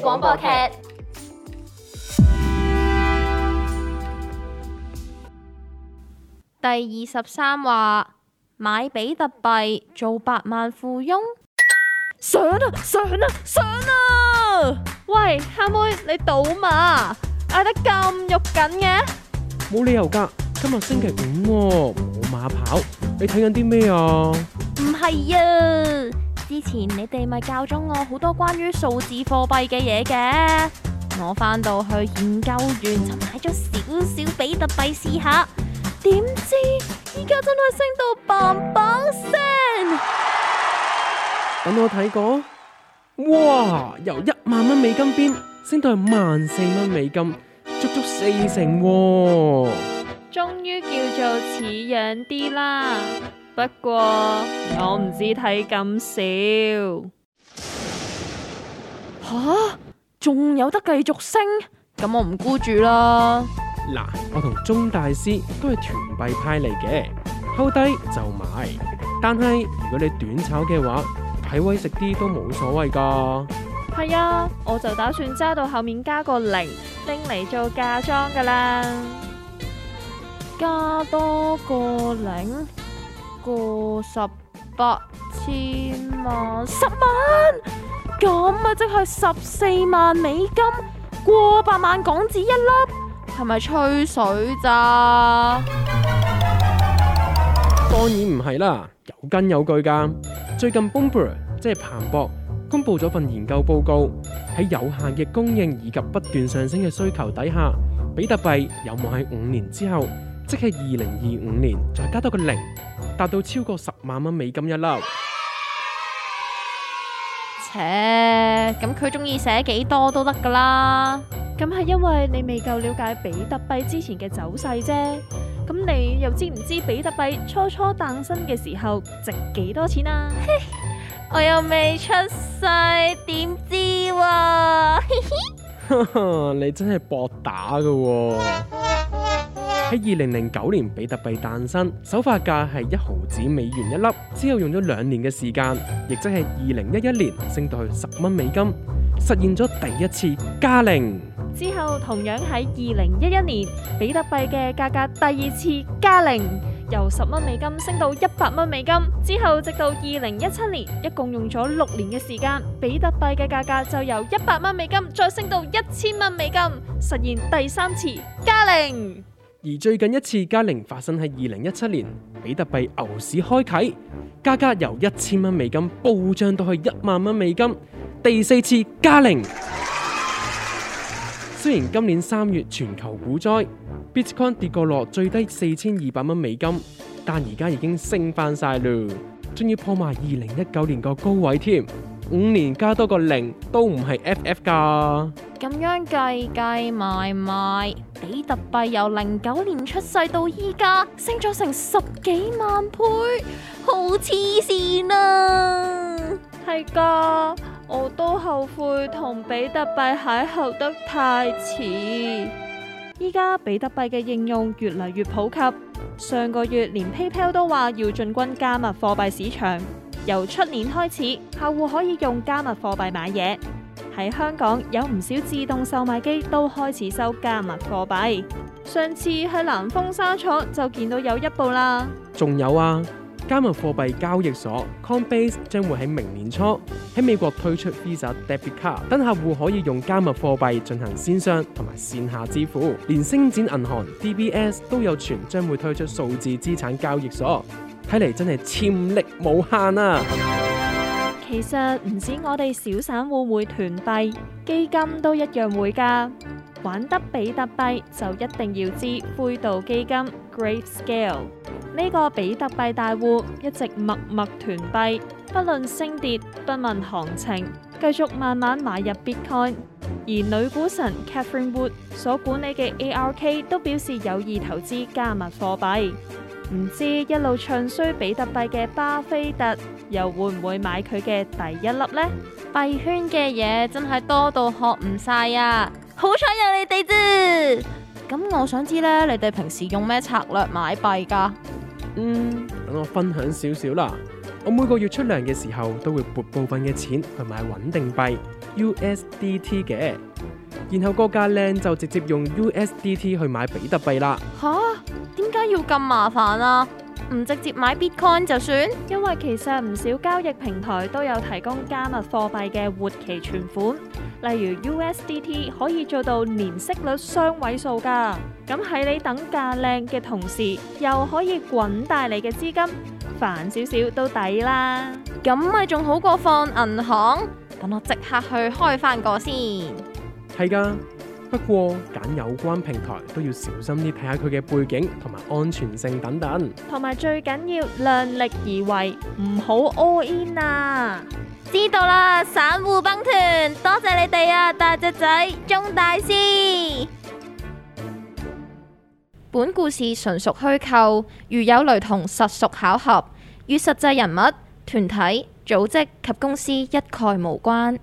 廣播劇第二十三話，買比特幣做百萬富翁。上啊上啊上啊！喂，蝦妹，你賭馬嗌得咁肉緊嘅？冇理由噶今日星期五喎，啊，冇馬跑。你睇緊啲咩啊？唔係啊！之前你哋咪教咗我好多關於數字貨幣嘅嘢嘅，我翻到去研究完就買咗少少比特幣試下，點知依家真係升到棒棒聲！等我睇過，哇，由一萬蚊美金邊升到萬四蚊美金，足足四成，啊，終於叫做似樣啲啦。不過我唔知睇咁少，吓仲有得繼續升，咁我唔沽住啦。嗱，我同鍾大師都係囤幣派嚟嘅，吼低就買。但係如果你短炒嘅話，睇位食啲都冇所謂噶。係啊，我就打算揸到後面加個零，拎嚟做嫁妝噶啦，加多個零。過十八千萬十萬咁啊，即係十四萬美金，過百萬港紙一粒，係咪吹水咋？當然唔係啦，有根有據噶。最近 Bloomberg 即係彭博公布咗份研究報告，喺有限嘅供應以及不斷上升嘅需求底下，比特幣有望喺五年之後。即係二零二五年，再加多個零，達到超過十萬蚊美金一粒。切，咁佢中意寫幾多都得噶啦。咁係因為你未夠了解比特幣之前嘅走勢啫。咁你又知唔知比特幣初初誕生嘅時候值幾多錢啊嘿？我又未出世，點知啊？哈哈，你真係搏打噶啊。喺二零零九年，比特幣誕生，首發價係一毫子美元一粒。之後用咗兩年嘅時間，亦即係二零一一年，升到去十蚊美金，實現咗第一次加零。之後同樣喺二零一一年，比特幣嘅價格第二次加零，由十蚊美金升到一百蚊美金。之後直到二零一七年，一共用咗六年嘅時間，比特幣嘅價格就由一百蚊美金再升到一千蚊美金，實現第三次加零。而最近一次加零發生喺二零一七年，比特幣牛市開啟，價格由一千蚊美金暴漲到去一萬蚊美金，第四次加零。 雖然今年三月全球股災，Bitcoin 跌過落最低四千二百蚊美金，但而家已經升翻晒咯，仲要破埋二零一九年個高位添。五年加多個零都唔係 FF 噶，咁樣計計埋埋，比特幣由零九年出世到依家，升咗成十幾萬倍，好黐線啊！係噶，我都後悔同比特幣邂逅得太遲。依家比特幣嘅應用越嚟越普及，上個月連 PayPal 都話要進軍加密貨幣市場。由出年開始，客戶可以用加密貨幣買嘢。喺香港有唔少自動售賣機都開始收加密貨幣。上次去南豐紗廠就見到有一部啦，仲有啊。加密貨幣交易所 Coinbase 將會喺明年初喺美國推出 Visa Debit Card，等客戶可以用加密貨幣進行線上同埋線下支付。連星展銀行 DBS 都有傳將會推出數字資產交易所，睇嚟真係潛力無限啊！其實唔止我哋小散戶會囤幣，基金都一樣會㗎。玩得比特幣就一定要知灰度基金 Great Scale，呢個比特幣大戶一直默默囤幣，不論升跌，不問行情，繼續慢慢買入 Bitcoin。而女股神 Catherine Wood 所管理嘅 ARK 都表示有意投資加密貨幣。唔知一路唱衰比特幣嘅巴菲特又會唔會買佢嘅第一粒呢？幣圈嘅嘢真係多到學唔晒啊！嗯、好彩有你哋啫。咁我想知咧，你哋平時用咩策略買幣噶？嗯，等我分享少少啦。我每個月出糧嘅時候都會撥部分嘅錢去買穩定幣 USDT 嘅，然後個價靚就直接用 USDT 去買比特幣啦。吓！點解要咁麻煩啊？唔直接買 Bitcoin 就算？因為其實唔少交易平台都有提供加密貨幣嘅活期存款，例如 USDT 可以做到年息率雙位數㗎。咁喺你等價靚嘅同時，又可以滾大你嘅資金，煩少少都抵啦。咁咪仲好過放銀行。等我即刻去開翻個先。係噶。不過揀有關平台都要小心啲，睇下佢嘅背景同埋安全性等等，同埋最緊要量力而為，唔好 all in 啊！知道啦，散戶乓團，多謝你哋啊，大隻仔鍾大師。本故事純屬虛構，如有雷同，實屬巧合，與實際人物、團體、組織及公司一概無關。